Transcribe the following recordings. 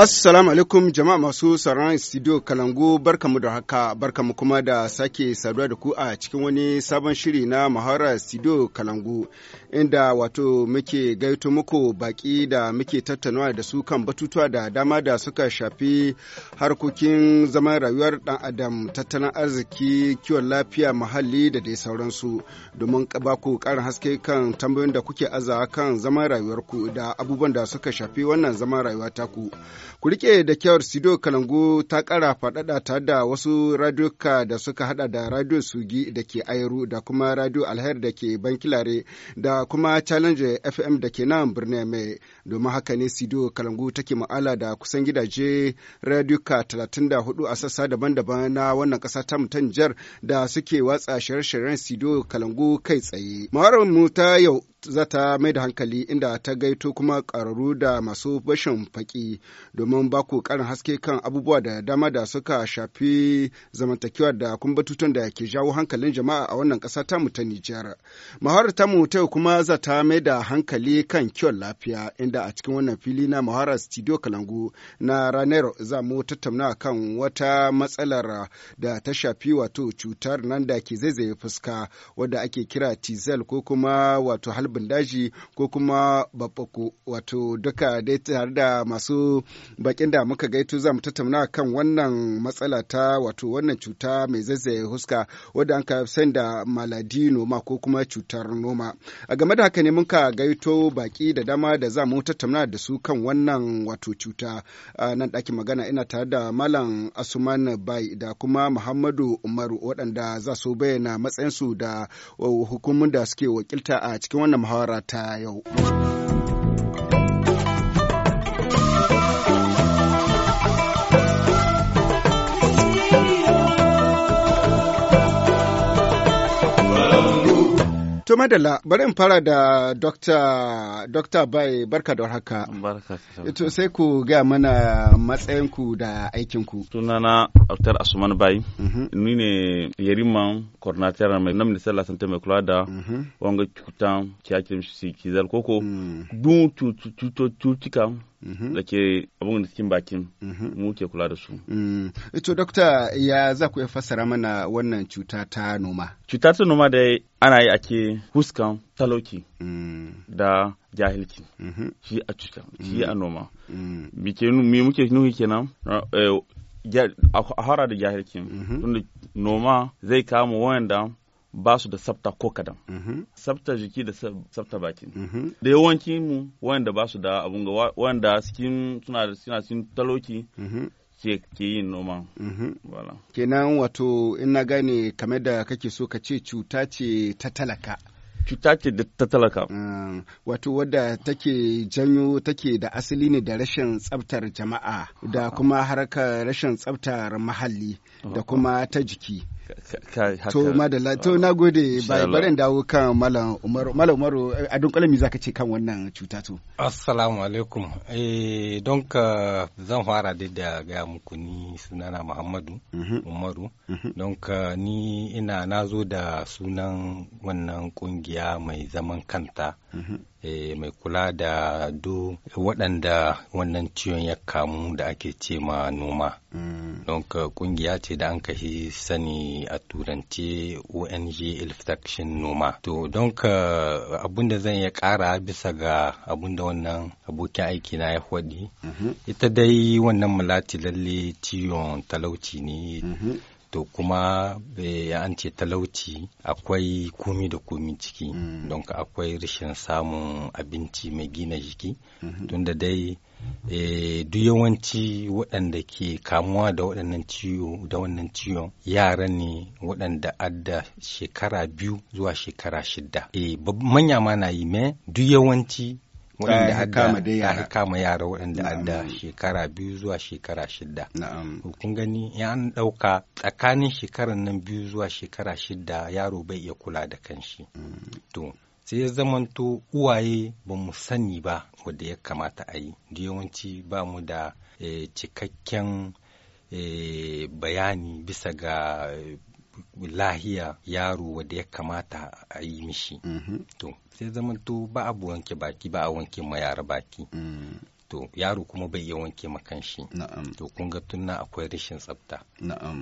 Assalamu alaikum jama'a masu sauraron studio Kalangu barkamu da haka barkamu kuma da sake saduwa da ku a cikin wani sabon shiri na Mahara studio Kalangu inda wato muke gaito muku baki da muke tattaunawa da su kan batutuwa da dama da suka shafi harkokin zaman rayuwar dan adam tattalin arziki kiwon lafiya muhalli da dai sauransu domin ba ku karin haske kan tambayoyin da kuke aza kan zaman rayuwar ku da abubuwan da suka shafi wannan zaman rayuwa ta ku ku rike da kyawar studio kalangu ta kara faɗaɗa tare da wasu radioka da suka hada da radio sugi da ke airu da kuma radio alher da ke bankilare da kuma challenge fm da ke nan birnin mai domin haka ne sidiyo kalangu take ma'ala da kusan gidaje radioka 34 a sassa daban-daban na wannan kasa ta mutan jihar da suke watsa shirye-shiryen sidiyo kalangu kai tsaye mu ta yau za ta mai da hankali inda ta gaito kuma ƙararru da masu bashin faƙi domin ba ku ƙarin haske kan abubuwa da dama da suka shafi zamantakewa da kumbatutun da ke jawo hankalin jama'a a wannan ƙasa tamu ta Nijar. Maharar tamu ta kuma za ta mai da hankali kan kiwon lafiya inda a cikin wannan fili na maharar Studio Kalangu na ranar za mu tattauna kan wata matsalar da ta shafi wato cutar nan da ke zaizaye fuska wadda ake kira tizel ko kuma wato halba harbin daji ko kuma babbako wato duka dai tare da masu bakin da muka gaito za mu tattauna kan wannan matsala ta wato wannan cuta mai zazzaye huska wadda an ka san da maladi noma ko kuma cutar noma a game da haka ne muka gaito baki da dama da za mu tattauna da su kan wannan wato cuta nan ɗakin magana ina tare da malam asuman bai da kuma muhammadu umaru waɗanda za su bayyana matsayinsu da uh, hukumun da suke wakilta a cikin wannan muhawara ta To madalla bari in fara da Dr. Dr. Bai barka da warhaka. Barka. To sai ku gaya mana matsayinku da aikinku. Sunana Dr. Asuman Bai. Ni ne Yariman Coordinator mai nan Minister la mai kula da wanga cutan kiyakin shi kizal koko. Dun cututtuka Mhm. da ke abin da cikin bakin mhm. mu ke kula da su. Ito mm. dokta ya za ku fassara mana wannan cuta ta noma? Cuta ta noma da ana yi ake huskan talauki mm. da jahilci mhm. shi a cuta shi mm. a noma. Me muke nuhi kenan? Eh, a hara da jahilci tunda noma zai kama wanda. ba su da sabta ko kadan. Mm-hmm. Sabta jiki da sabta baki. Mm-hmm. Da yawancin mu wanda ba su da abun ga wanda cikin suna suna cikin taloki. Mm-hmm. ke yin noma. Kenan wato in na gane kame da kake so ka ce cuta ce ta talaka. Cuta ce ta talaka. Mm, wato wadda take janyo take da asali ne da rashin tsabtar jama'a da kuma harkar rashin tsabtar mahalli da kuma ta jiki. to madalla to ah, na gode bari dawo kan malam umaru malam umaru a dunkule me zaka ce kan wannan cuta to assalamu alaikum eh, don zan fara da da gaya muku ni sunana muhammadu mhm. umaru mhm. don ka ni ina nazo da sunan wannan kungiya mai zaman kanta mhm. eh, mai kula da do. waɗanda wannan ciwon ya kamu da ake ce ma noma. Mm. Don kungiya ce da an kashi sani a turance ong infection noma to don ka abun da zan iya kara bisa ga abun da wannan abokin aiki na ya faɗi mhm. ita dai wannan malati lalle ciwon talauci ne mhm. to kuma eh, an ce talauci akwai komi da komi ciki mm. don ka akwai rashin samun abinci mai gina jiki mm -hmm. tunda dai e, duk yawanci waɗanda ke kamuwa da waɗannan ciwo da wannan ciwon yara ne waɗanda adda shekara biyu zuwa shekara shida e, eh, manya ma na yi me duk yawanci waɗanda kama da yara kama yara waɗanda adda shekara biyu zuwa shekara shida na'am gani ya an ɗauka tsakanin shekarar nan biyu zuwa shekara shida yaro bai iya kula da kanshi mm. to sai ya zamanto uwaye ba mu sani ba wanda ya kamata a yi da yawanci ba mu da eh, cikakken eh, bayani bisa ga eh, lahiya yaro wadda ya kamata a yi mishi mm-hmm. to sai zamanto ba a wanke baki ba a wanke ma yara baki mm. to yaro kuma bai iya wanke makan shi to kun ga tunna akwai rashin tsafta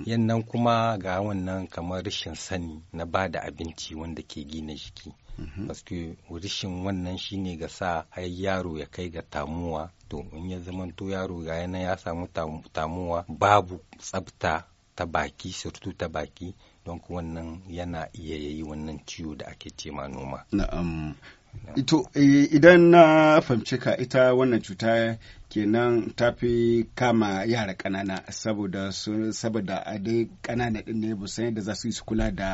yannan kuma ga wannan kamar rashin sani na ba da abinci wanda ke gina jiki mm-hmm. paske rashin wannan shine ga sa har yaro ya kai ga tamuwa to in ya zamanto yaro ga yana ya samu tamuwa babu tsafta ta baki surtu ta baki don wannan yana iya yayi wannan ciwo da ake ce ma noma na'am ito eh, idan na fahimci ka ita wannan cuta kenan ta fi kama yara kanana saboda saboda a dai kanana din ne busan yadda za su yi su kula da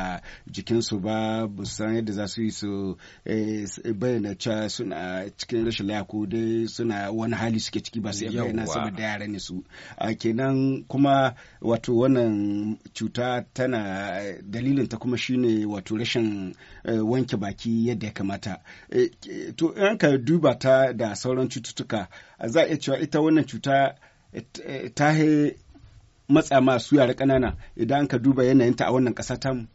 jikinsu ba busan yadda za su yi su eh, bayyana cewa suna cikin rashin layako dai suna wani hali suke ciki ba su yi bayyana saboda yara ne su a kenan kuma wato wannan cuta tana dalilin ta kuma shine wato rashin eh, wanke baki yadda ya kamata eh, to ka duba ta da sauran cututtuka za a iya cewa ita wannan cuta ta matsa masu yara ƙanana idan ka duba yanayinta a wannan ƙasa tamu.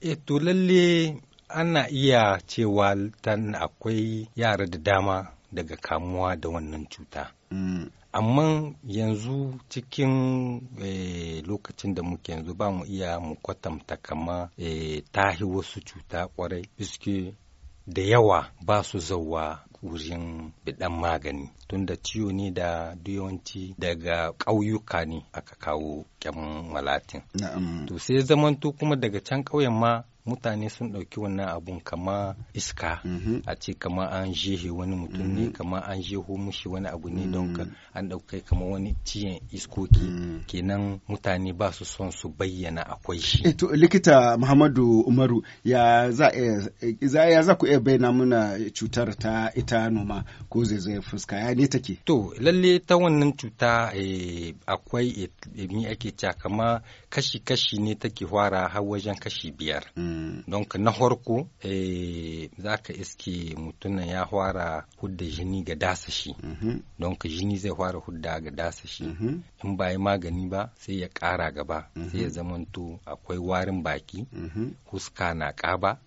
E, to lalle ana iya cewa tan akwai yara da dama daga kamuwa da wannan cuta. Mm. Amma yanzu cikin e, lokacin da muke yanzu ba mu iya mu kwatanta kama e, ta tahi wasu cuta kwarai biske da yawa ba su zauwa wurin bidan magani tunda ciwo ne da yawanci daga ƙauyuka ne aka kawo kyan malatin to sai zamanto kuma daga can ƙauyen ma mutane sun ɗauki wannan abun kama iska mhm. a ce kama an jehe wani mutum ne mhm. kama an jeho mushi wani abu ne don mhm. an ɗaukai kama wani ciyen iskoki kenan mutane ba su son su bayyana akwai shi. Eh, to likita muhammadu umaru ya eh, eh, za ya za ku iya bayyana muna cutar ta ita noma ko zai fuska ya ne take. to lalle ta wannan cuta akwai mi ake kama kashi-kashi ne take fara har wajen kashi biyar. Mm. don na farko eh, za ka iske mutumin ya fara hudda jini ga dasa shi mhm. don jini zai fara hudda ga dasa shi mhm. in ba yi magani ba sai ya ƙara gaba mhm. sai ya zamanto akwai warin baki huska na kaba.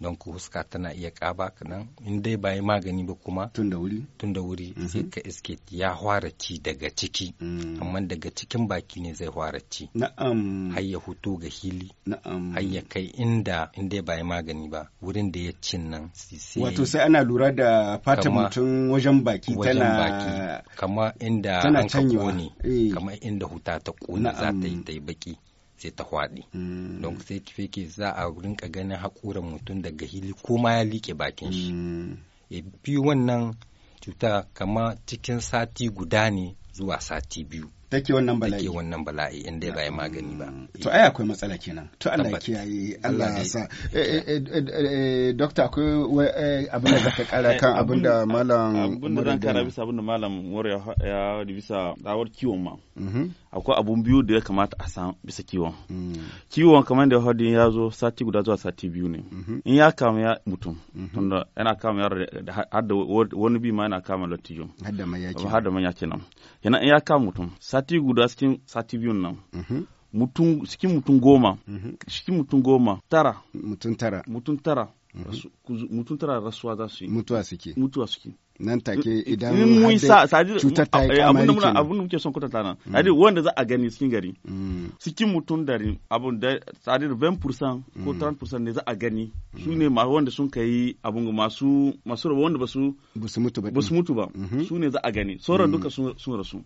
donc huska tana iya ƙaba kanan in dai ba yi magani ba kuma tun da wuri tun da wuri sai ka iske ya fara ci daga ciki mm. amma daga cikin baki ne zai fara ci na'am har ya hutu ga hili na'am har ya kai in inda in ba yi magani ba wurin da ya cin nan wato sai ana lura da fata mutum wajen baki tana kama inda an ka kone eh. kama inda huta ta kone za ta yi ta yi baki sai ta hwaɗe hmm. don sai fake za a rinka ganin haƙuran mutum daga hili ko ma ya liƙe bakin shi hmm. ya biyu wannan cuta kama cikin sati guda ne zuwa sati biyu take wannan bala'i take wannan bala'i in dai bai magani ba mm. to ai akwai matsala kenan to Allah ya kiyaye Allah ya sa eh, eh, eh, doctor akwai abin da zaka kara kan abin da malam abin da zan kara bisa abin da malam ya bisa dawar kiwon ma mm-hmm. akwai abun biyu da ya kamata a san bisa kiwon mm. kiwon kamar da hadin ya zo sati guda zuwa sati biyu ne mm-hmm. in ya kama ya mutum mm-hmm. tunda yana kama yara har da wani bi ma yana kama latijo har da manya kenan yana in ya kama mutum sati guda cikin sati biyu nan mm-hmm. mutum cikin mutum goma cikin mutum goma tara mutum tara mutum tara mutum tara rasuwa za su yi mutuwa suke mutuwa suke nan take idan cutar ta yi eh, kamari kenan abin da muke son kwatanta nan mm. sadi wanda za a gani cikin gari mm. cikin mutum dari abun da sadi 20% ko 30% mm. ne za a gani su ne wanda sun kai abun masu masu rabu wanda basu basu mutu ba basu mutu ba mm-hmm. su ne za a gani sauran duka sun rasu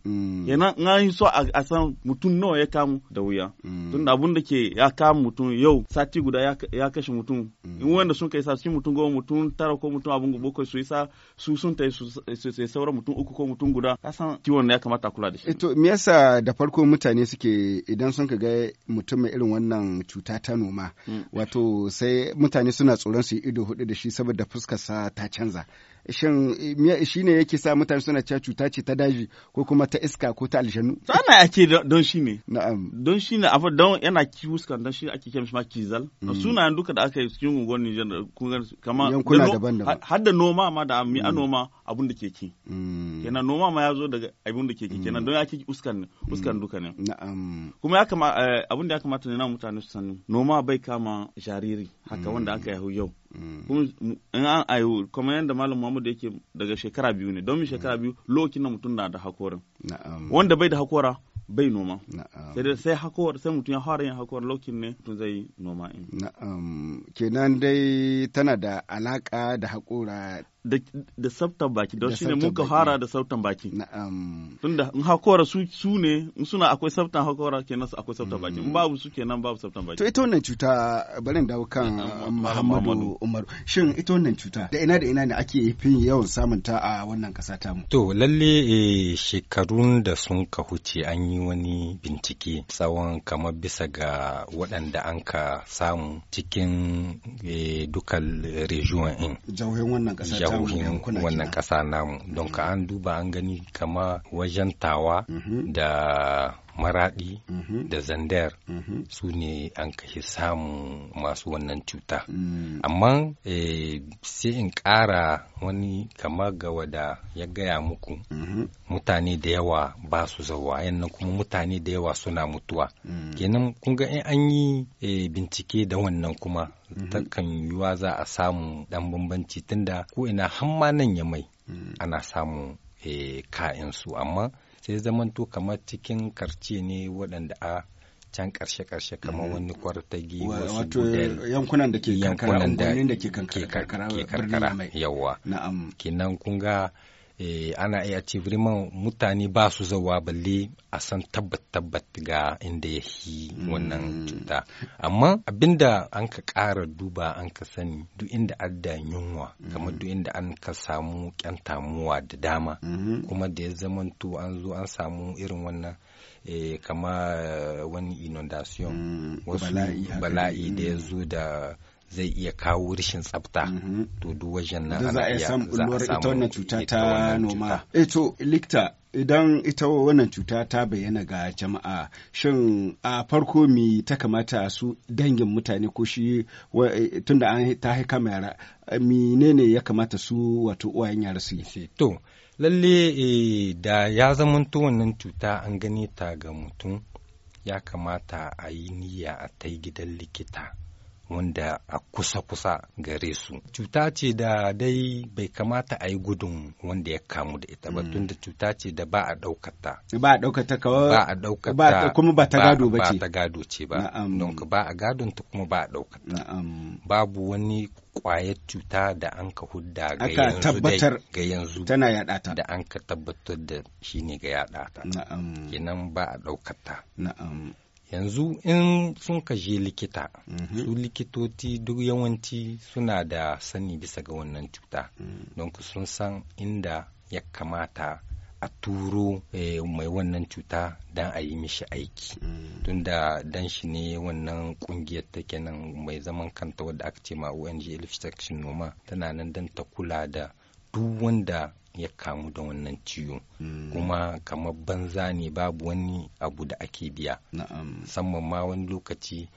yana na yi so a san mutum nawa ya kamu da wuya tun da abun da ke ya kamu mutum yau sati guda ya kashe mutum in wanda sun kai sa cikin mutum goma mutum tara ko mutum abun gobe su yi sa su sun ta yi sai sauran mutum uku ko mutum guda san ciwon ne ya kamata kula da shi. Eh, to me yasa da farko mutane suke idan sun ka ga mutum mai irin wannan cuta ta noma mm. wato sai mutane suna tsoron su yi ido hudu da shi saboda fuskar sa ta canza shin shi ne yake sa mutane suna cewa cuta ce ta daji ko kuma ta iska ko ta aljanu to ana ake don shi ne na'am don shi ne abu don yana kiwuskan don shi ake kemshi ma kizal mm. sunayen duka da aka yi cikin gungun Nijar kungar kama yankuna daban-daban har da noma ma da mi a mm. noma abun da ke ki mm. kenan noma ma ya zo daga abun da ke ki kenan don ya ke uskan uskan duka ne na'am kuma ya kama eh, abun da ya kamata ne na mutane su sani noma bai kama jariri haka wanda aka yahu yau in an ayo kamar yadda malam Muhammad yake daga shekara biyu ne domin shekara biyu lokacin da mutum na da hakorin wanda bai da hakora bai noma sai hakor sai mutum ya fara yin hakor lokacin ne mutum zai noma in na'am kenan dai tana da alaka da hakora da sautan baki don ne mun ka fara da sautan baki tunda in hakora su ne in suna akwai sautan hakora kenan akwai sautan baki in mm. babu su kenan babu sautan baki to ita wannan cuta barin dawo kan Muhammadu Umar shin ita wannan cuta da ina da ina ne ake fin yawan samun ta a wannan kasa ta mu to lalle eh, shekarun da sun ka huce an yi wani bincike tsawon kamar bisa ga waɗanda an ka samu cikin eh, dukkan region in jauhin wannan kasa jihohin wannan ƙasa namu don ka an duba an gani kama wajen tawa mm-hmm. da Maraɗi. Mhm. da zandar mhm. su ne an kashe samun masu wannan cuta mm. amma eh, sai in ƙara wani kama ga wada ya gaya muku mhm. mutane da yawa ba su zawa yannan kuma mutane da yawa suna mutuwa mm. kenan kun ga in an yi eh, bincike da wannan kuma kan yiwa za a samu dan bambanci tunda ko ina hamma nan ya mai mm. ana samun eh, su amma sai zamanto kamar cikin karce ne waɗanda a can karshe-karshe kamar mm-hmm. wani kwartagi wasu yankunan da ke kankara da ke kankara yawa kinan kun ga Eh, ana iya ce mutane ba su zawa balle a san tabbat tabbat ga inda ya yi wannan mm. cuta amma abinda an ka ƙara duba an ka sani duk inda adda yunwa kamar duk inda an ka samu kyantamuwa da dama mm-hmm. kuma da ya zamanto an zo an samu irin wannan eh, kama eh, wani inundation mm, wasu bala'i da ya mm. zo da zai iya kawo rashin tsafta mhm. to duk wajen nan za iya za a ita wannan cuta ta noma eh to likta idan ita wannan cuta ta bayyana ga jama'a shin a farko mi ta kamata su dangin mutane ko shi eh, tunda an ta haika mai yara menene ya kamata su wato uwayen yara su yi to lalle eh, da ya zamanto wannan cuta an gane ta ga mutum ya kamata a yi niyya a ta gidan likita wanda a kusa-kusa gare su. Cuta ce da dai bai kamata a yi gudun wanda ya kamu da ita ba mm. tunda cuta ce da ba a ɗaukata. Ba a ɗaukata kawai ba a ɗaukata kuma ba ta gado ba ce. Ba ta gado ce ba. Don ba a gadon ta kuma ba a ɗaukata. Babu wani kwayar cuta da an ka hudda ga yanzu ga yanzu tana yada ta da an ka tabbatar da shi ne ga yaɗata. ta. Kenan ba a ɗaukata. Na'am. yanzu in sun kashe likita mhm. su likitoti duk yawanci suna da sani bisa ga wannan cuta mm. don sun san inda ya kamata a turo eh, mai wannan cuta don a yi mishi aiki mm. tun da dan shi ne wannan kungiyar take nan mai zaman kanta wadda aka ce ma ONG Elf Section Noma tana nan don ta kula da duk wanda ya kamu da wannan ciwo hmm. kuma kamar banza ne babu wani abu da ake biya musamman ma wani lokaci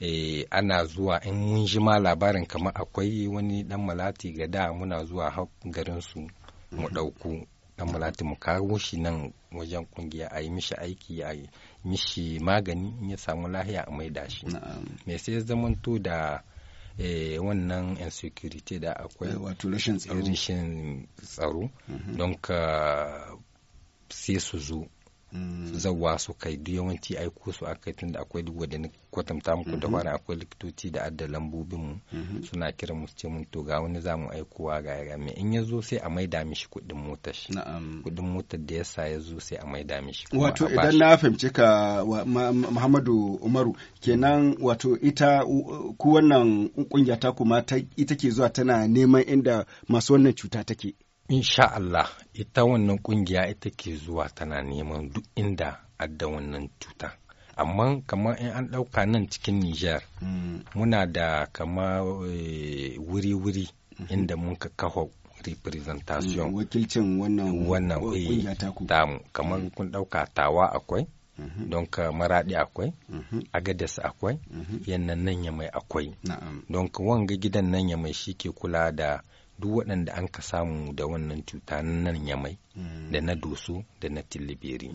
eh, ana zuwa in mun ji ma labarin kamar akwai wani dan malati ga da muna zuwa garin su mu hmm. ɗauku dan malati mu kawo shi nan wajen kungiya a yi mishi aiki a yi mishi magani ya samu lahiya a da shi me sai zamanto da Eh, wannan insecurity da akwai eh, wato rashin tsaro mhm. don ka sai su zo zawa mm. su kai duk yawanci aiko su akai tun da akwai duk wadda kwatanta muku da mm-hmm. wani akwai likitoci da adda lambobin mu mm-hmm. suna kira mu ce mun to ga wani zamu aikowa ga ya mai in ya zo sai a maida mishi kuɗin motar shi kuɗin motar da yasa ya zo sai a maida mishi wato idan na fahimce ka Muhammadu Umaru kenan wato ita ku wannan kungiya ta kuma ita ke zuwa tana neman inda masu wannan cuta take insha Allah ita wannan kungiya ita ke zuwa tana neman duk inda adda wannan cuta amma kamar in an ɗauka nan cikin Nijar mm. muna da kama eh, wuri-wuri mm-hmm. inda mun ka kawo representation eh, wakilcin wannan wannan eh, tamu kamar mm. kun ɗauka tawa akwai mm-hmm. don ka maraɗi akwai a mm-hmm. agadas akwai yannan nan ya mai akwai don ka wanga gidan nan ya mai shi ke kula da duk waɗanda an ka samu da wannan cuta nan yamai hmm. da na doso da na tilibiri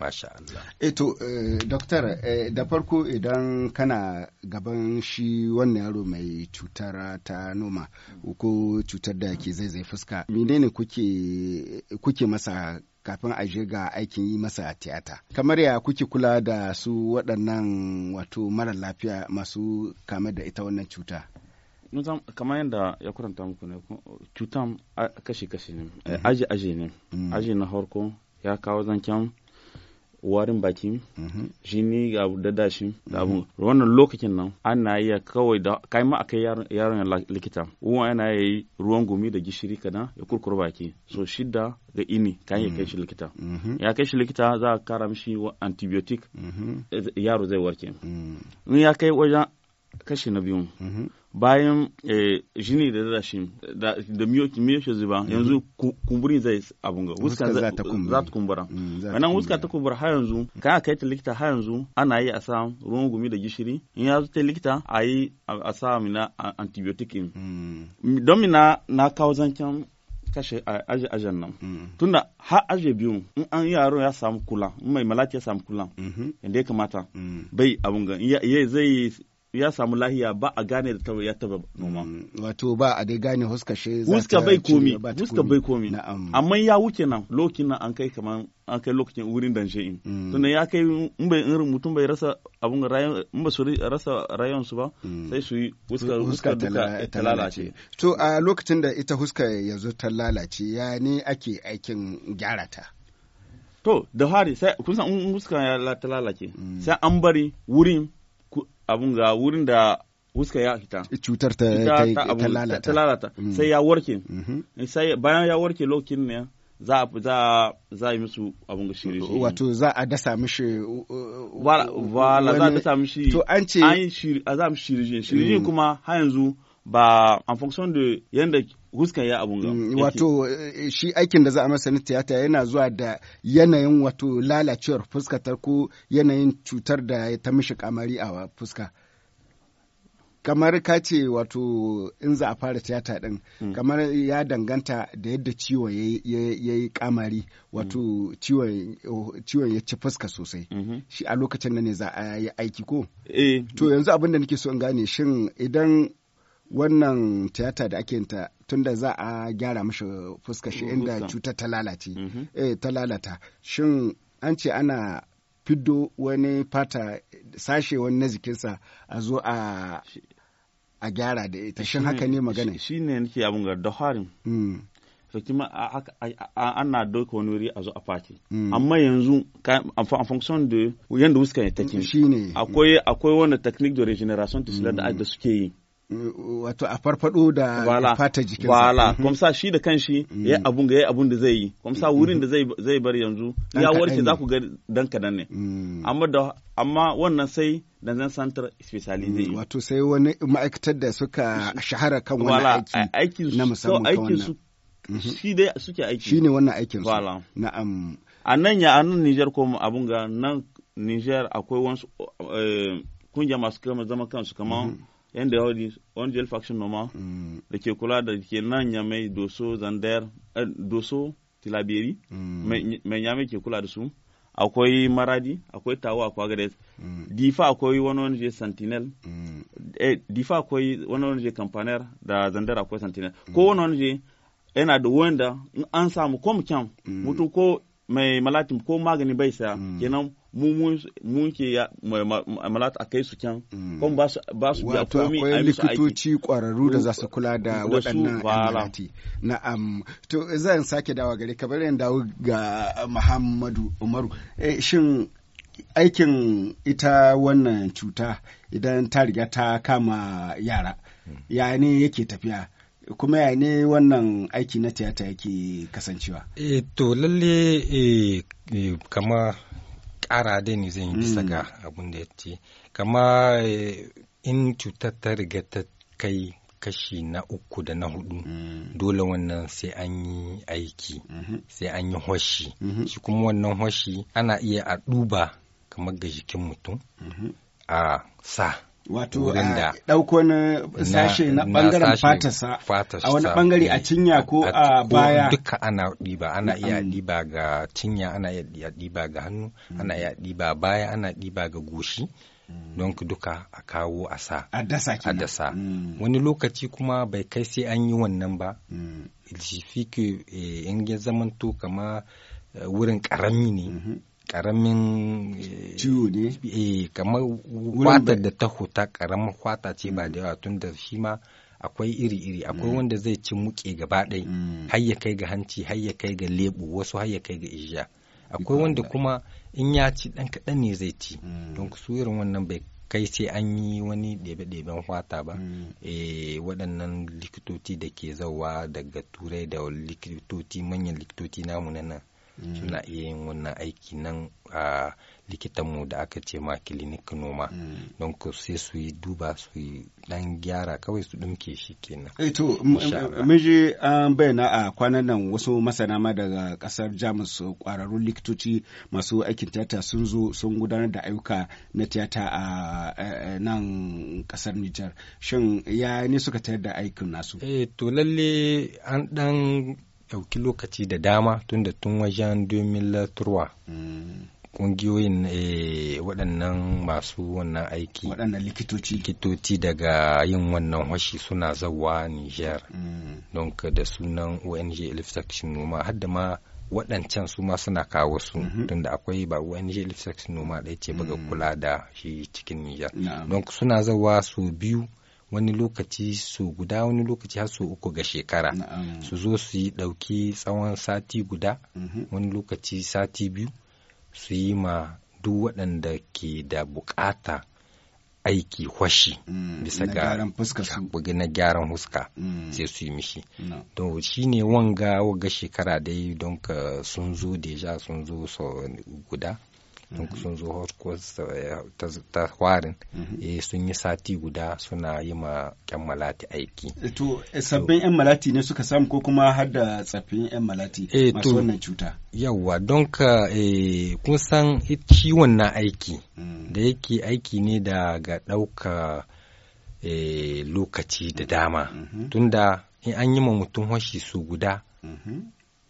masha Allah. Eto, eh eh, doktor, eh, da farko idan kana gaban shi wannan yaro mai cutar ta noma hmm. ko cutar da ke zai-zai fuska, menene kuke masa kafin a je ga aikin yi masa tiyata kamar ya kuke kula da su waɗannan wato mara lafiya masu kama da ita wannan cuta kamar yadda ya kuranta muku ne cutan kashi-kashi ne eh, mm-hmm. aji-aji ne mm-hmm. aji na harko ya kawo zancen warin baki shi mm-hmm. ne ga dadashi da abu wannan lokacin nan ana iya kawai da kai ma akai yaron ya likita uwa yana yi ruwan gumi da gishiri kana ya kurkura baki so shida ga ini kan ya kai shi likita ya kai shi likita za a kara mishi antibiotic eh, yaro zai warke mm. in ya kai wajen kashi na biyu bayan eh, shi ne da rashin da miyoki miyoshi zuba mhm. yanzu kumburi zai abun ga wuska za ta kumbura wannan mm, wuska ta kumbura har yanzu kana kai ta likita har yanzu ana yi a sa ruwan gumi da gishiri in ya zo ta likita a yi a sa mina antibiotic mm. don mina na kawo zancen kashe aje ajen nan mm. tun da har aje biyu in an yaro ya samu kula mai malati ya samu kula inda mhm. ya kamata bai abun ga zai ya samu lahiya ba a gane da ya taba noma. Mm, wato ba a dai gane huska shi za Huska bai komi, huska bai komi. Amma ya wuce nan lokacin nan an kai kamar an kai lokacin wurin danshe in. Mm. Tunda ya kai in bai in mutum bai rasa abun rayon in ba su rasa rayon su ba mm. sai su yi huska huska duka ta lalace. To a lokacin da ita huska yanzu ta lalace ya ne ake aikin gyara ta. To da hari sai kun san in huska ya ta lalace sai an bari wurin abun ga wurin da huska ya hita cutar ta ta lalata mm. sai ya warke mm-hmm. eh, sai bayan ya warke lokacin ne za za za yi musu abun ga shirye shirye wato za a dasa mishi wala uh, uh, uh, za a dasa mishi to an ce an shiri za mu shiri shirijin kuma har yanzu ba en fonction de yanda huska ya abun ga mm, wato eh, shi aikin da za a masa na tiyata yana zuwa da yanayin wato lalacewar fuskatar ko yanayin cutar da ta mishi kamari a fuska kamar ka ce wato in za a fara tiyata din mm. kamar ya danganta da yadda ciwon ya yi kamari wato mm. ciwon ya ci fuska sosai mm-hmm. shi a lokacin da ne za a yi aiki ko eh. to yanzu abin da nake so in gane shin idan wannan tiyata da ake ta tunda za a gyara mashi fuska shi inda cutar ta lalace mhm. eh ta lalata shin an ce ana fiddo wani fata sashe wani na jikinsa a zo a a gyara da ita shin haka ne magana shi ne nake abin ga da harin mm. kima ana doka wani wuri a zo a fati mm. amma yanzu a fonction da yanda wuska ya take akwai akwai wani technique de regeneration tisla mm. da suke yi wato a farfado da fata jikinsa wala mhm. kuma shi da kanshi mhm. ya yi abun ya yi abun da zai yi kuma wurin mhm. da zai bar yanzu ya warke za ku ga dan kadan ne amma da amma wannan sai dan zan santar yi. wato sai wani ma'aikatar da suka shahara kan wani aiki na musamman kan wannan shi dai suke aiki Shi ne wannan aikin su na'am a nan ya a nan Niger ko abun ga nan Niger akwai wasu eh, kungiya masu kama zama kansu kamar yan da yawadi ongel faction noma mm. da ke kula da ke nan nyamai doso zander eh, doso tilaberi mm. mai nyamai ke kula da su akwai maradi akwai tawo akwai agades mm. difa akwai wani wani sentinel eh, difa akwai wani wani campaner da zander akwai sentinel ko wani wani yana da wanda in an samu kom kyam mutu ko mai malatin ko magani bai saya mm. kenan mu mun ke malata a kai su can mm. ko ba su biya komi a aiki likitoci kwararru da za su kula da waɗannan malati na'am to zan sake dawa gare ka bari dawo ga Muhammadu Umaru eh, shin aikin ita wannan cuta idan ta riga ta kama yara mm. ya ne yake tafiya kuma ya ne wannan aiki na tiyata yake kasancewa e, to lalle e, kama ƙara dai ne zan yi hmm. bisa ga abin da ya ce kama e, in cutar ta riga ta kai kashi na uku da na hudu hmm. dole wannan sai an yi aiki hmm. sai an yi hoshi shi kuma wannan hoshi ana iya a duba kamar ga jikin mutum a sa wato a ɗauko sashe na ɓangaren fatarsa a wani ɓangare a eh, cinya ko a baya duka ana ɗiba ana iya ɗiba ga cinya ana iya ɗiba ga hannu hmm. ana iya ɗiba baya ana ɗiba ga goshi hmm. don duka a kawo a sa a dasa hmm. wani lokaci kuma bai kai sai an yi wannan ba jifi eh, in ya zamanto kama eh, wurin karami ne mhm. karamin ciwo ne eh kamar kwata da ta huta karamin kwata ce ba da yawa tun da shi ma akwai iri-iri akwai mm. wanda zai ci muke gaba ɗai mm. har ya kai ga hanci har ya kai ga lebu wasu har ya kai ga ijiya akwai wanda kuma in ya ci ɗan kaɗan ne zai ci mm. don su irin wannan bai kai sai an yi wani ɗebe-ɗeben kwata ba eh, waɗannan likitoci da ke zauwa daga turai da likitoci manyan likitoci namu na nan suna iya yin wannan aiki nan a likitanmu da aka ce ma clinic noma mm. don ku sai su yi duba su yi dan gyara kawai su dumke shi kenan eh to miji an bayyana a kwanan nan wasu masana ma daga kasar Jamus kwararrun likitoci masu aikin tiyata sun zo sun gudanar da ayyuka na tiyata a nan kasar Nijar shin ya ne suka tayar da aikin nasu eh to lalle an dan ɗauki lokaci da dama tun da tun wajen 2003 mm. ƙungiyoyin eh, waɗannan masu wannan aiki waɗannan likitoci likitoci daga yin wannan washi suna zawa niger mm. don da sunan ong elifsaction noma har ma waɗancan su ma suna kawo su mm-hmm. da akwai ba ong elifsaction noma ɗaya ce ga mm. kula da shi cikin niger don suna zawa su biyu wani lokaci su guda wani lokaci har su uku ga shekara su zo su yi ɗauki tsawon sati guda mhm. wani lokaci sati biyu su yi ma duk waɗanda ke da bukata aiki hoshi mm, bisa ga na gyaran huska mm. sai su yi mishi to shi ne wanga waga shekara dai don ka sun zo deja sun zo guda don sun zo hotquarters ta hwarin mhm. eh, sun yi sati guda suna yi ma yan malati aiki eh, to eh, sabbin yan malati ne suka samu ko kuma har da tsaffin yan malati masu wannan cuta yawwa don ka kun san ciwon na aiki mm. da yake aiki ne da ga ɗauka lokaci da dama mm-hmm. tunda in an yi ma mutum hoshi su guda mm-hmm.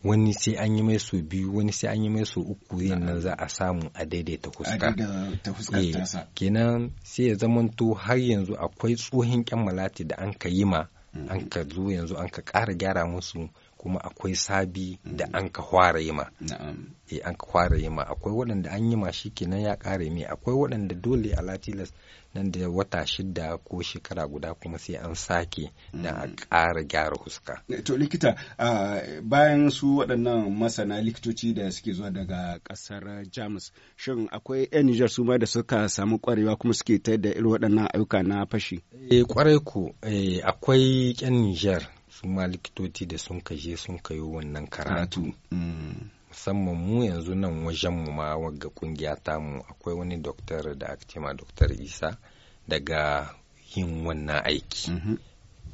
wani sai an yi mai su biyu wani sai an yi mai su uku yin nan za a samu a daidaita fuska eh, kenan sai ya zamanto har yanzu akwai tsohin kyan malati da an ka yi ma mm. an ka zo yanzu an ka ƙara gyara musu kuma akwai sabi mm. da an ka fara yi ma eh an ka fara yi ma akwai waɗanda an yi ma shi kenan ya ƙare mai akwai waɗanda dole a latilas nan da wata shida ko shekara guda kuma sai an sake da a mm. ƙara gyara huska eh, to likita bayan su waɗannan masana likitoci da suke zuwa daga ƙasar jamus shin akwai yan nijar su ma da suka samu ƙwarewa kuma suke ta da irin waɗannan ayyuka na fashi eh ƙwarai ku eh, akwai yan nijar su ma likitoci da sun kaje sun kayo wannan karatu mm. musamman mu yanzu nan wajen mu ma wagga kungiya tamu akwai wani doktor da aka ce ma doktor isa daga yin wannan aiki mm-hmm.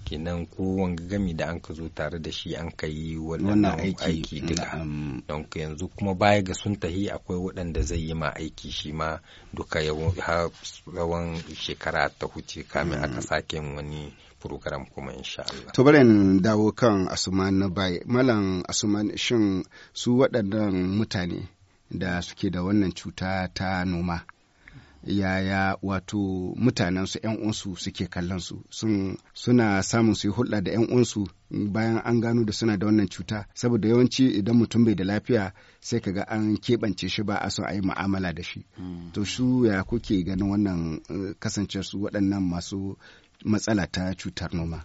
kenan ko wanga gami da an ka zo tare da shi an ka yi wannan aiki duka don yanzu kuma baya ga sun tahi akwai waɗanda zai yi ma aiki shi ma duka yawan shekara ta huce kamin aka mm. sake wani program kuma insha Allah. To bari dawo kan Asuman na bai. Malam Asuman shin su waɗannan mutane da suke da wannan cuta ta noma. Yaya wato mutanen su ‘yan uwansu suke kallon su suna samun su yi hulɗa da ‘yan uwansu bayan an gano da suna da wannan cuta saboda yawanci idan mutum bai da lafiya sai kaga an keɓance shi ba a son a yi mu'amala da shi mm. to su ya kuke ganin wannan eh, kasancewar su waɗannan masu matsala ta cutar noma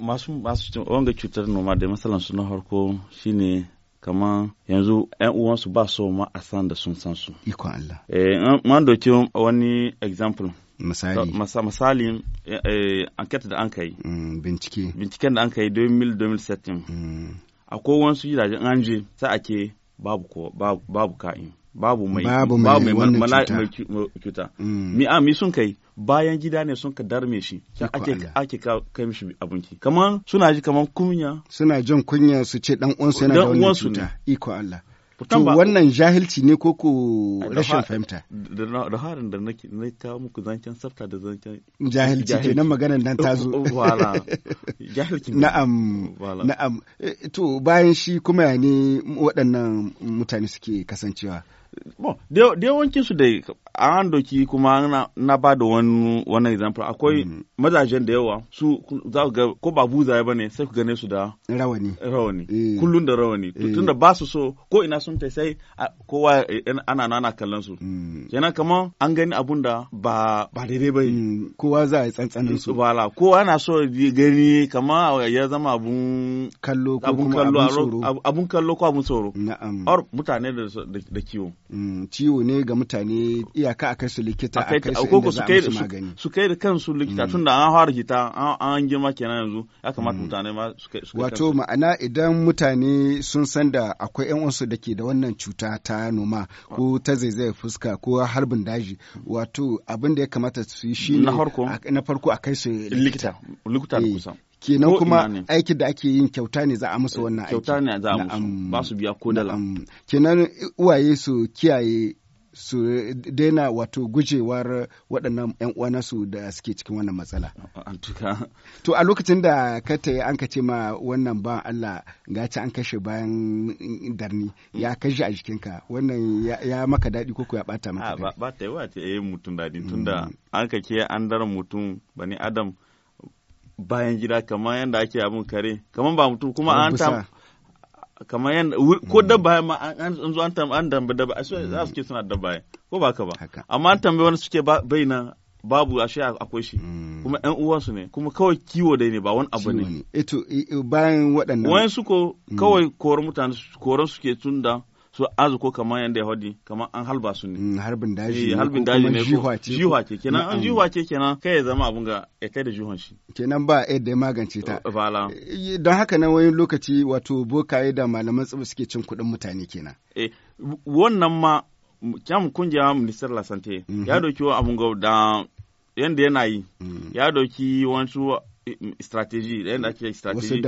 masu masu wanga cutar noma da matsalan su na harko shine kama yanzu 'yan uwansu ba so ma a san da sun san su. Ikon Allah. Eh, man doki wani example. Misali. Misali, eh, eh, enquete da an kai. Mm, bincike. Binciken da an kai 2000-2007. Mm. Akwai wasu gidajen an je sai ake babu, babu, babu ka'in. babu mai babu mai cuta mm. mi a ah, mi sun kai bayan gida ne sun ka darme shi sai ake ake kai mishi abinci kaman suna ji kaman kunya suna jin kunya su ce dan uwansu yana da wannan cuta iko Allah to wannan jahilci ne ko ko rashin fahimta da harin da nake na kawo muku zancen safta da zancen jahilci nan maganar nan ta zo wala jahilci na'am na'am eh, to bayan shi kuma ya ne waɗannan mutane suke kasancewa bon da yawancinsu da an doki kuma na ba da wani example akwai mhm. mazajen da yawa su za ga ko ba buza ba ne sai ku gane su da rawani rawani eh. kullun da rawani eh. tun da ba su so ko ina sun ta sai kowa ana nana kallon su mm. kenan kamar an gani abun da ba ba daidai ba mm. kowa za a yi tsantsanin su bala kowa yana so gani kamar ya zama abun kallo ko abun kallo ko abun tsoro na'am mutane da kiwo Mm, ciwo ne ga mutane iyaka a kai su likita a kai su inda za musu magani su kai da kansu likita mm. tunda an fara rikita an girma kenan yanzu ya kamata mm. mutane ma su kai wato ma'ana idan mutane sun san da akwai yan uwansu da ke da wannan cuta ta noma ko ah. ta zaizayar fuska ko harbin daji wato abin da ya kamata su yi shine na farko a kai su likita likita eh. kusa kenan kuma aikin da ake yin kyauta ne za a musu eh, wannan aiki kyauta ne za a musu ba su biya ko dala kenan uwaye su kiyaye su daina wato gujewar waɗannan 'yan su da suke cikin wannan matsala. To a lokacin da ka tayi an ka ce ma wannan ba Allah gaci an kashe bayan darni ya mm. kashe a jikinka wannan ya maka daɗi ko ya ɓata maka daɗi. Ba ta yi wa ta yi mutum daɗi tunda mm. an ka ke an dara mutum bani Adam. bayan gida kamar yadda ake abin kare kamar ba mutum kuma an ta kamar yadda ko mm. dabba ma an zo an an dambe dabba ashe za su ke mm. suna dabba ko ba ka ba amma an tambaye wani suke bai nan babu shaya akwai shi mm. kuma uwan uwansu ne kuma kawai kiwo dai ne ba wani abu ne eto eh eh, eh, bayan waɗannan wayan su ko kawai koran mutane koran suke tun da su azuko kamar yadda ya hadi kamar an halba su ne mm, harbin daji eh, ne harbin daji ne ko jiwa ke kenan an jiwa ke kenan kai ya zama abun ga ya kai da jiwon shi kenan ba yadda ya magance ta eh, bala eh, don haka nan wani lokaci wato bokaye da malaman tsibu suke cin kuɗin mutane kenan eh wannan ma kyamu kungiya ministar lasante ya mm-hmm. doki wa abun ga da yanda yana yi mm. ya doki wasu strategy yadda ake strategy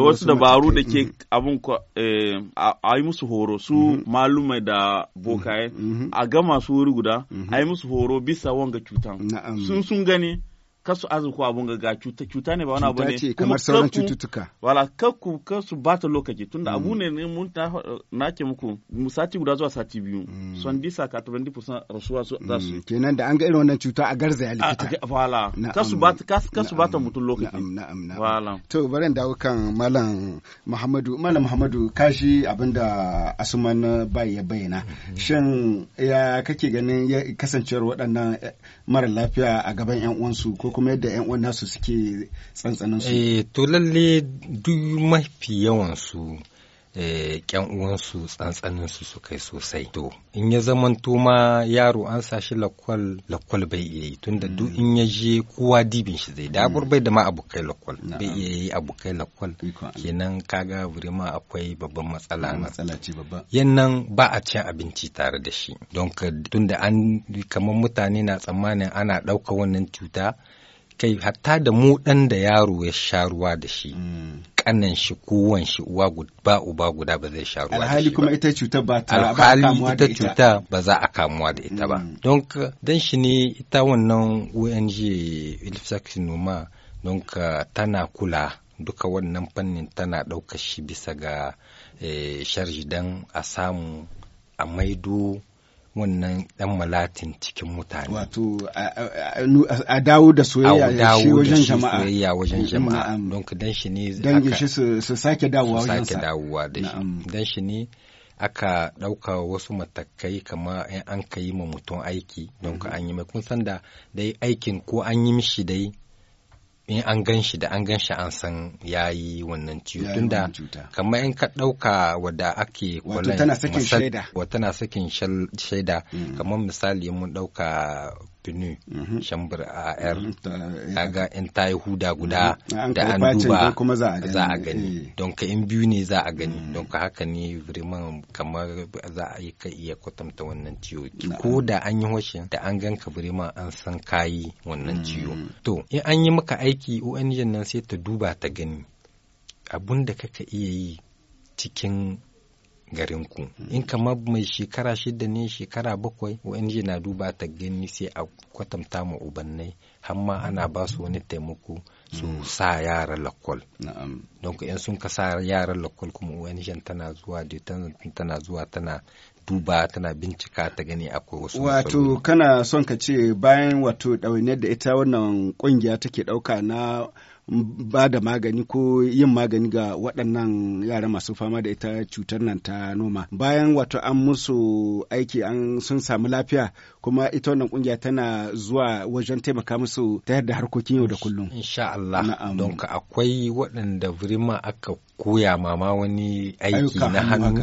wasu dabaru da ke abun eh, a yi musu horo su mm-hmm. malumai da bokaye mm-hmm. Mm-hmm. a gama su wuri guda a yi musu horo bisa wanga cutan sun sun gani kasu azuku abun gaga cuta cuta ne ba wani abu ne ce kamar sauran cututtuka wala kakku kasu bata lokaci tunda abu mm. ne ne mun ta na ke muku sati guda zuwa sati biyu son disa ka 90% rasuwa su za su mm, kenan da an ga irin wannan cuta a garzaya likita wala kasu bata kasu bata mutun lokaci na'am na'am wala to bari in dawo kan malam Muhammadu malam Muhammadu kashi abinda Asuman bai ya bayyana shin ya kake ganin kasancewar waɗannan eh, mara lafiya a gaban yan uwansu ko kuma yadda yan uwan nasu suke tsantsanin su eh to lalle duk mafi yawan su ƙyan eh, uwansu tsantsanin su su kai sosai to in ya zamanto ma yaro an sa shi lakwal lakwal bai iya yi tunda duk mm. in ya je kowa dibin shi zai da mm. bai da ma abokai lakwal bai iya yi abokai lakwal kenan kaga wuri ma akwai babban matsala matsala ce babba yannan ba a cin abinci tare da shi don tunda an kamar mutane na tsammanin ana ɗauka wannan cuta kai hatta da mu ɗan da yaro ya sha ruwa da shi kanan mm. shi kowan shi uwa ba uba guda ba zai sha ruwa alhali kuma ita cuta ba ta alhali ita ba za a kamuwa da ita ba mm. don dan shi ne ita wannan ONG Ilfsaxinoma don tana kula duka wannan fannin tana ɗaukar shi bisa ga eh, sharjidan a samu a maido wannan dan malatin cikin mutane wato a dawo da soyayya shi wajen jama'a A dawo da soyayya wajen jama'a don ka dan shi ne dangin shi su sake dawowa wajen sa. Su sake dawowa da shi dan shi ne aka ɗauka wasu matakai kama an ka yi ma mutum aiki don ka an yi mai kun san da dai aikin ko an yi mishi dai in an gan shi da an gan shi an san ya yi wannan ciwo tunda kamar in ka ɗauka wadda ake wato tana sakin shaida mm. kamar misali mun ɗauka pinu shambur mhm. a mhm. yar kaga in ta yi huda guda mhm. da an duba za a gani eh. don ka in biyu ne za a gani mm. don ka haka ne birman kamar za a yi ka iya kwatanta wannan ciwo ko da an yi washin da an ganka birman an san kayi wannan mm. ciwo to in an yi maka aiki ong nan sai ta duba ta gani abun da kaka iya yi cikin garinku in kamar mai shekara shida ne shekara bakwai ONG na duba ta gani sai a kwatanta ma ubannai hamma ana ba su wani taimako su mm. sa yara lakwal don in sun ka sa yara lakwal kuma ONG tana zuwa tana zuwa tana duba tana bincika ta gani akwai wasu wato kana son ka ce bayan wato ɗawainiyar da ita wannan ƙungiya take ɗauka na ba da magani ko yin magani ga waɗannan yara masu fama da ita cutar nan ta noma bayan wato an musu aiki an sun samu lafiya kuma ita wannan kungiya tana zuwa wajen taimaka musu ta yadda harkokin yau da kullum insha Allah don ka akwai waɗanda vrima aka koya mama wani aiki na hannu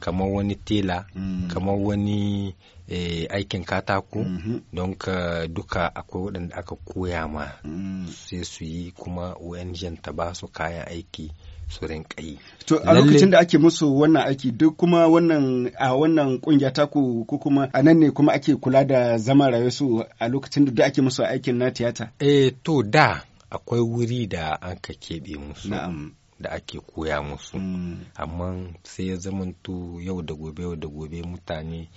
kamar wani tela mm. kamar wani Eh, aikin katako mhm. don ka duka akwai waɗanda aka koya ma mm. sai su yi kuma ONG ta ba su kayan aiki su rinka yi. To a lokacin da ake musu wannan aiki duk kuma wannan a wannan kungiya ta ku kuma a nan ne kuma ake kula da zama rayu su a lokacin da ake musu aikin na tiyata. Eh to da akwai wuri da an ka keɓe musu. Na'am. da ake koya musu mm. amma sai ya zamanto yau da gobe yau da gobe mutane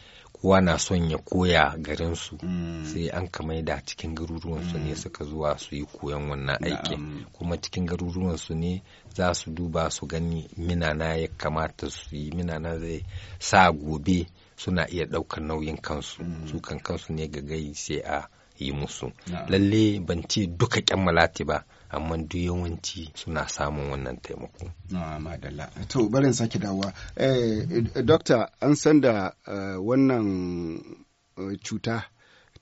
kowa na son ya koya garinsu mm. sai an kamai da cikin su ne mm. suka zuwa su yi koyon wannan aikin kuma cikin garuruwansu ne za su duba su gani minana ya kamata su yi minana zai sa gobe suna iya ɗaukar nauyin kansu mm. su kan kansu ne ga gai sai a yi musu lalle ban ce duka kyan malati ba amma duk yawanci suna samun wannan taimako. madalla to barin sake dawa eh, eh, dokta an san da eh, wannan cuta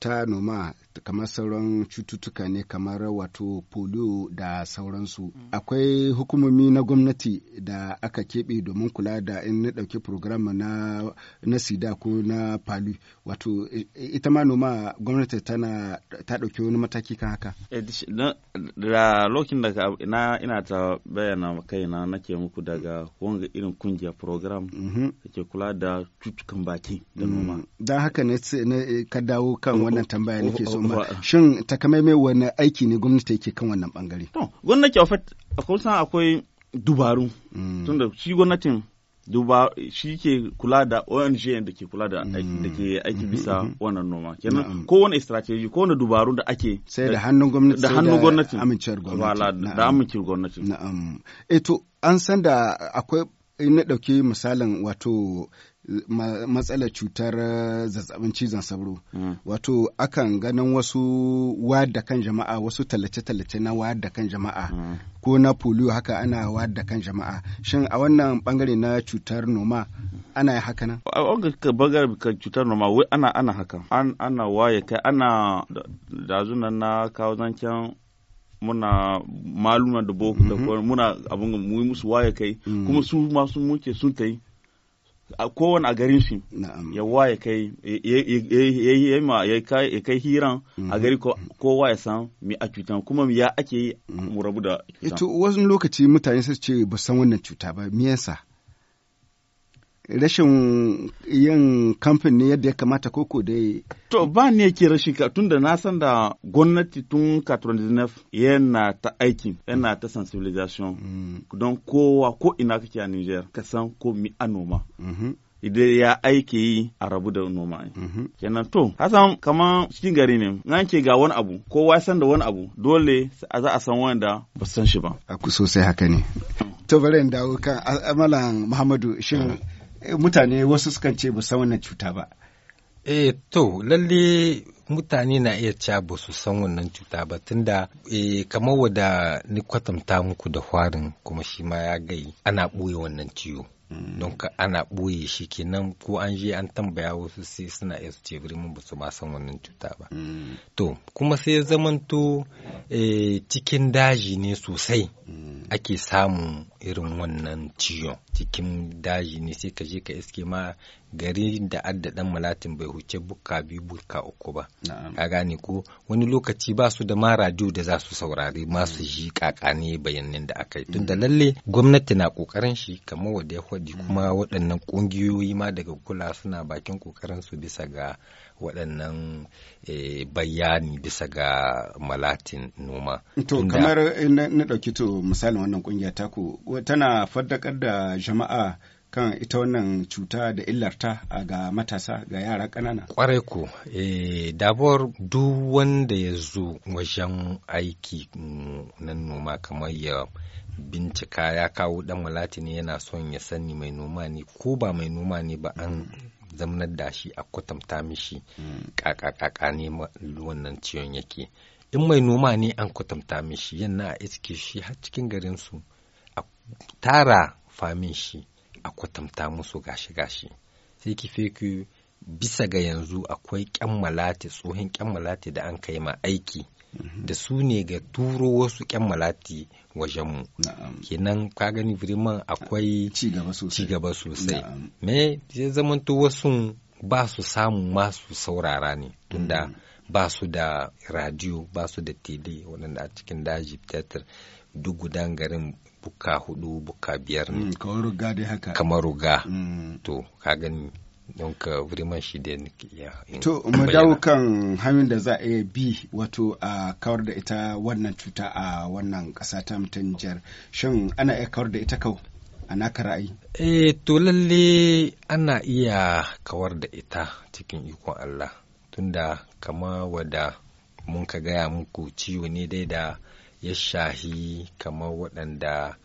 ta noma kamar sauran cututtuka ne kamar wato polio da sauransu mm. akwai hukumomi na gwamnati da aka keɓe domin kula da in na ɗauki program na na sida ko na palu wato ita ma noma gwamnati tana ta ɗauki wani mataki kan haka eh, da lokacin da na ina ta bayyana kaina nake muku daga wanga irin kungiyar program mm-hmm. da ke kula da cutukan baki da noma mm. don haka ne ka dawo kan mm. wannan tambaya nake so ma shin takamaimai wani aiki ne gwamnati yake kan wannan bangare to gwamnati akwai san akwai dubaru mm. tunda shi gwamnatin duba shi ke kula da ONG da ke kula da mm. da ke aiki mm-hmm, bisa mm-hmm. wannan noma kenan ko wani strategy ko wani dubaru da ake sai da hannun gwamnati da hannun gwamnati amincewar gwamnati da amincewar gwamnati na'am eh to an san da akwai in eh, na ɗauki misalin wato matsalar cutar eh, zazzabin cizon sauro mm. wato akan ganin wasu wayar da kan jama'a wasu tallace-tallace na wayar da kan jama'a mm. ko na polio haka ana wayar da kan jama'a shin a wannan bangare na cutar noma ana yi haka nan a wannan bangare ka cutar noma wai ana ana haka ana waye kai ana da na kawo zancen muna maluma da boko da mm-hmm. muna abin mu musu waye kai mm. kuma su masu muke sun ta yi a kowane a garin shi yawa ya kai ya kai hiran a mhm. gari kowa ya san a cutan kuma ya ake yi mhm. mu rabu da cutan. Eh, wasu lokaci mutane su ce ba san wannan cuta ba me rashin yin kamfin ne yadda ya kamata koko dai. To ba ne yake rashin ka tun da na san da gwamnati tun 49 yana ta aiki yana ta sensibilisation mm. don kowa ko ina kake a Niger ka san ko mi a noma. Mm-hmm. idan ya aiki yi a rabu da noma mm-hmm. kenan to hasan kaman cikin gari ne nan ke ga wani abu kowa san da wani abu dole a za a san wanda ba san shi ba a ku sosai haka ne to bari dawo kan amalan muhammadu shin ah. Eh, mutane wasu sukan ce ba san wannan cuta ba. Eh to lalle mutane na iya ca ba su san wannan cuta ba tunda e kamar wada ni kwatanta muku da hwarin kuma shi ma ya gai ana ɓoye wannan ciwo. Mm. don ka ana ɓoye shi kenan ko an je an tambaya wasu sai suna iya su ce mun ba su ma san wannan cuta ba mm. to kuma sai ya zamanto eh, cikin daji ne sosai mm. ake samun irin wannan ciwon cikin daji ne sai ka je ka iske ma gari da adda dan malatin bai huce buka biyu buka uku ba ka gane ko wani lokaci ba su da ma radio da za su saurari masu ji kakane bayanin da aka yi tun da mm. lalle gwamnati na kokarin shi kamar wanda ya faɗi mm. kuma waɗannan ƙungiyoyi ma daga kula suna bakin kokarin su bisa ga waɗannan eh, bayani bisa ga malatin noma to kamar eh, na ɗauki to misalin wannan ƙungiya ku tana faddakar da jama'a kan ita wannan cuta da illarta ga matasa ga yara ƙanana? Ƙwarai ko, e, eh, dabuwar duk wanda ya zo wajen aiki mm, na noma kamar ya bincika ya kawo ɗan malati ne yana son ya sani mai noma ne ko ba mai noma ne ba an zamanar da shi a kwatanta mishi mm. ƙaƙaƙaƙa ne wannan ciwon yake. In mai noma ne an kwatanta mishi yana a iske shi har cikin garinsu a tara lissafa min shi a kwatanta musu gashi-gashi sai ki bisa ga yanzu akwai malati tsohon kyammalati da an kai ma aiki mhm. da su ne ga turo wasu kyammalati wajenmu kenan ka gani vraiment akwai cigaba sosai me zai zamanto wasu ba su samu masu saurara ne tunda mhm. ba su da radio ba su da tele waɗanda a cikin daji duk gudan garin buka hudu buka biyar ne mm, kamar ruga dai haka kamar ruga mm. to ka gani don ka vraiment shi da ya to mu dawo kan hanyar da za a iya bi wato a kawar da ita wannan cuta a wannan kasa ta mutan jihar shin ana iya kawar da ita kau a naka ra'ayi eh to lalle ana iya kawar da ita cikin ikon Allah tunda kama wada mun ka gaya muku ciwo ne dai da ya shahi kamar waɗanda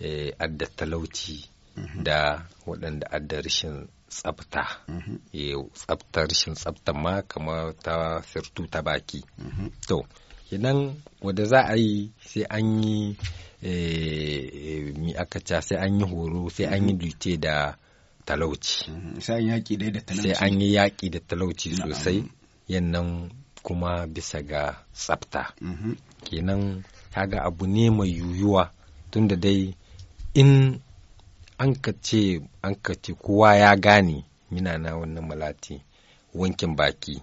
eh, adda talauci mm-hmm. da waɗanda adda rashin tsabta tsafta mm-hmm. eh, rashin tsabta ma kamar ta sirtu ta baki mm-hmm. to idan wadda za a yi sai an yi eh, mi aka ca sai an yi horo sai an yi duce da talauci sai an yi yaƙi da talauci sosai yannan kuma bisa ga tsabta kenan kaga abu ne mai yuyuwa tunda dai in an ka ce an ka kowa ya gane mina na wannan malati wankin baki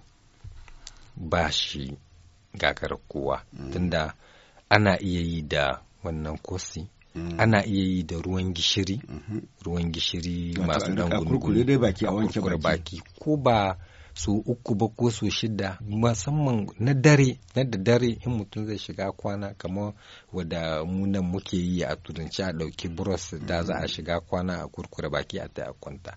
ba shi gagar kowa mm. tunda ana iya yi da wannan kosi mm. ana iya yi da ruwan gishiri mm-hmm. ruwan gishiri masu dan gurgure baki ko ba su uku ba ko su shida musamman na dare na da dare in mutum zai shiga kwana kamar wadda munan muke yi a turanci a ɗauki buros da za a shiga kwana a kurkure baki a ta kwanta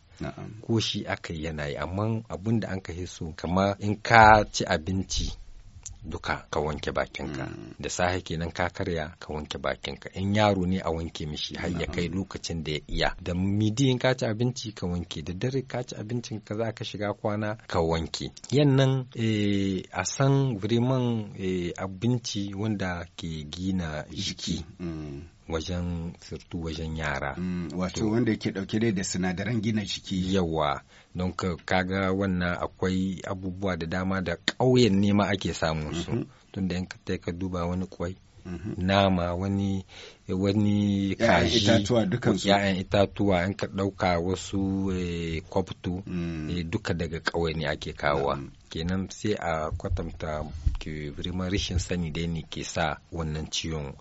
ko shi aka yana yi amma abin da an ka so kamar in ka ci abinci duka ka wanke bakinka mm. da saha kenan ka karya ka wanke bakinka in yaro ne a wanke mishi har ya kai lokacin da ya iya da midi in ka ci abinci ka wanke da dare ka ci abincin ka za ka shiga kwana ka wanke yannan eh, a san vraiment eh, abinci wanda ke gina jiki mm. wajen sirtu wajen yara. Mm. wato wanda yake dauke da sinadaran gina jiki. Yawa don kaga wannan akwai abubuwa da dama da ƙauyen nema ake samun su mm-hmm. tun da yanka ka duba wani kwai mm-hmm. nama wani wani kaji itatuwa ya'yan itatuwa in ka ɗauka wasu eh, kwaftu mm. eh, duka daga ƙauye ne ake kawowa mm. kenan sai a kwatanta kiriman rashin sani dai ne ke sa wannan ciwon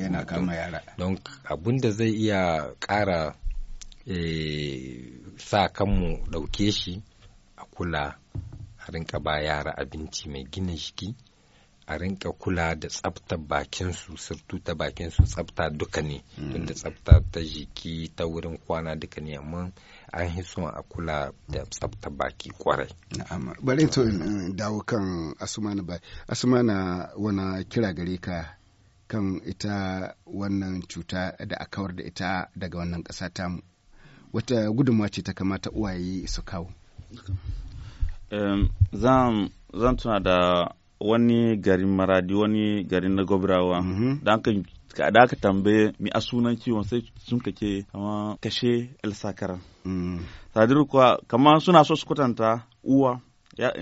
yana kama yara don abun da zai iya ƙara Eh, sa kanmu ɗauke shi a kula a rinka ba yara abinci mai gina jiki a rinka kula da tsaftar bakinsu sirtu ta bakinsu tsafta duka ne inda hmm. tsafta ta jiki ta wurin kwana duka ne amma an yi son a kula da tsaftar baki kwarai bari to eh, dawo kan asumana ba asumana wana kira gare ka kan ita wannan cuta da a kawar da ita daga wannan ƙasa tamu wata gudunmawa ce ta kamata uwaye su kawo zan tuna da wani garin maradi wani garin na gobrawa mhm. da aka tambaye mi a sunan kiwon sai sun kake kama kashe elsakaran mm. sadiru kuwa kama suna so su kwatanta uwa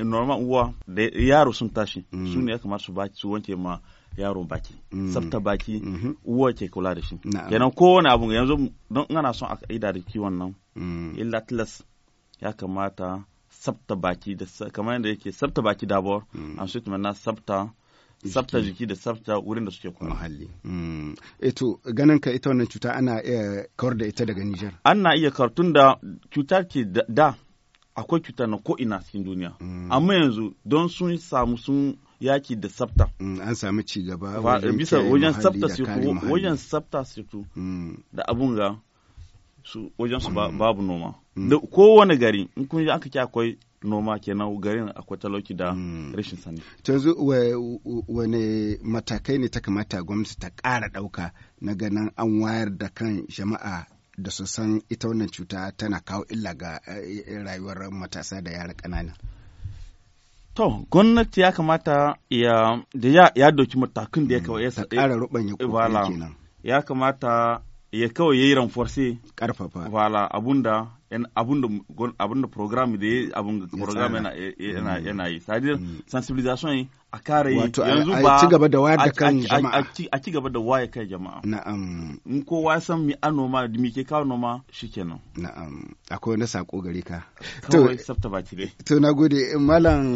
normal uwa da yaro sun tashi mm. su ne ya kamata su wanke ma yaro baki mm. tsafta baki mm-hmm. uwa ke kula da shi kenan kowane abu yanzu don ana son a ida da kiwon nan mm. illa tilas ya kamata tsafta baki da kamar yadda yake mm. tsafta baki dabor an shi na tsafta tsafta jiki da tsafta wurin da suke kuma Muhalli. Eto eh ganin ka ita wannan cuta ana iya kawar da ita daga Nijar. Ana iya kawar tun da cuta ke da akwai cuta na ko ina cikin duniya. Amma yanzu don sun samu sun yaki da tsafta. Mm, an sami ci gaba wajen tsafta su wajen tsafta su da abun ga su wajen su mm. babu noma. Mm. Da kowane gari in kun ji aka ki akwai noma kenan garin akwai talauci da rashin sani. Tanzu wane matakai ne ta kamata gwamnati ta ƙara ɗauka na ganin an wayar da kan jama'a da su san ita wannan cuta tana kawo illa ga eh, rayuwar matasa da yara ƙanana. To, gwamnati ya kamata ya da ya doki matakin da ya kawai ya ƙara rubanya kenan. Ya kamata ya kawai ya yi ranforse. Karfafa. Wala da abun da program da ya abin program yana yi sadir mm. mm. sensibilisation yi a kare yanzu ba a ci gaba da waya da kan jama'a a ci gaba da wayar kai jama'a na'am in kowa ya san mi anoma da mi ke kawo noma shikenan na'am akwai wani sako gare ka to sabta baki dai to nagode malam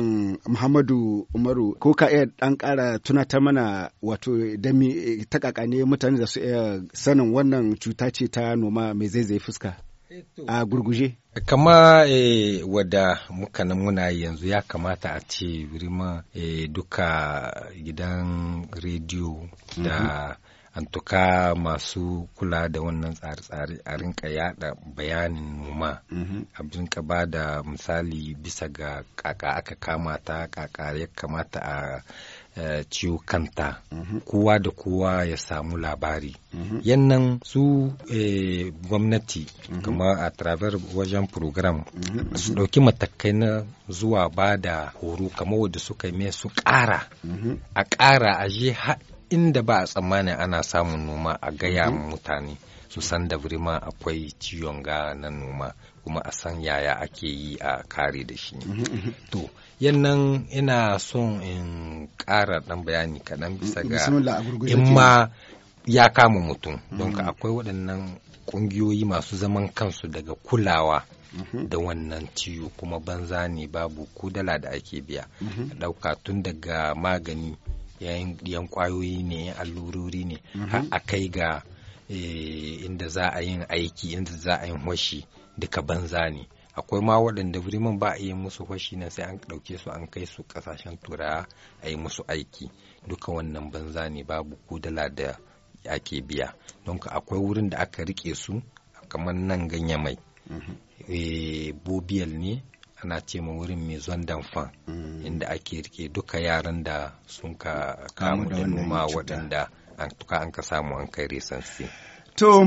Muhammadu Umaru ko ka iya dan kara tunatar mana wato da mi eh, takakane mutane da su iya sanin wannan cuta ce ta noma mai zaizaye fuska a gurguje kama e, eh, wadda muka nan muna yanzu ya kamata a ce birima. e, eh, duka gidan rediyo da an mhm. antuka masu kula da wannan tsare-tsare a rinka yada bayanin noma mm ba da misali bisa ga kaka aka kama ta kaka ya kamata a Eh, ciwo kanta mhm. kowa da kowa ya samu labari mhm. yannan su eh, gwamnati mhm. kamar a travers wajen program su ɗauki matakai na zuwa ba da horo kamar wadda suka yi su ƙara a ƙara a je inda ba a tsammanin ana samun noma a gaya mutane su san da ma akwai ciwon ga na noma kuma a san yaya ake yi a kare da shi mhm, mhm. to yannan ina son in ƙara ɗan bayani kaɗan mm, bisa ga in ma ya kama mutum mm. don ka akwai waɗannan ƙungiyoyi masu zaman kansu daga kulawa mhm. da wannan ciwo kuma banza ne babu ko dala da ake biya ɗauka tun daga magani yayin kwayoyi ne yan allurori ne har a kai ga eh, inda za a yin aiki inda za a yin hoshi duka banza ne akwai ma waɗanda birnin ba a yi musu fashi na sai an ɗauke su an kai su ƙasashen turawa a yi musu aiki duka wannan banza ne babu ko da ake biya don akwai wurin da aka rike su kamar nan ganye mai mm-hmm. eh, bobiyal ne ana ce ma wurin mai zondan fan mm-hmm. inda ake rike duka yaran da sun ka kamu da noma waɗanda an ka samu an kai resansi To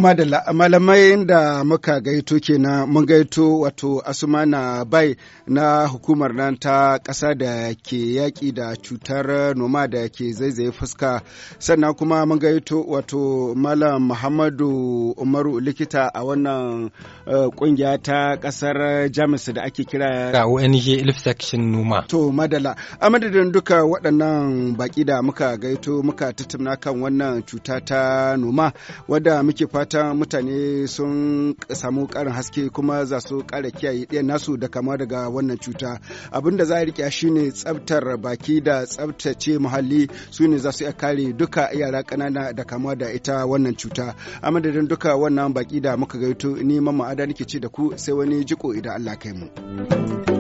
malamai da muka gaito kenan mun gaito wato Asumana Bai na hukumar nan ta ƙasa da ke yaƙi da cutar noma da ke zaizaye fuska sannan kuma mun gaito wato Malam Muhammadu Umaru likita a wannan eh, ƙungiya ta ƙasar Jamus da ake kira ga ONG Elf Section Noma. To madala, a madadin duka waɗannan baƙi da muka gaito muka tattauna kan wannan cuta ta noma wadda muke fata mutane sun samu karin haske kuma za su kara kiyaye ɗaya nasu da kama daga wannan cuta abin da za a rike ne tsabtar baki da tsabtace muhalli su ne za su iya kare duka yara ƙanana da kama da ita wannan cuta a madadin duka wannan baki da muka gaito ni mamma ada nake ce da ku sai wani jiko idan Allah kai mu.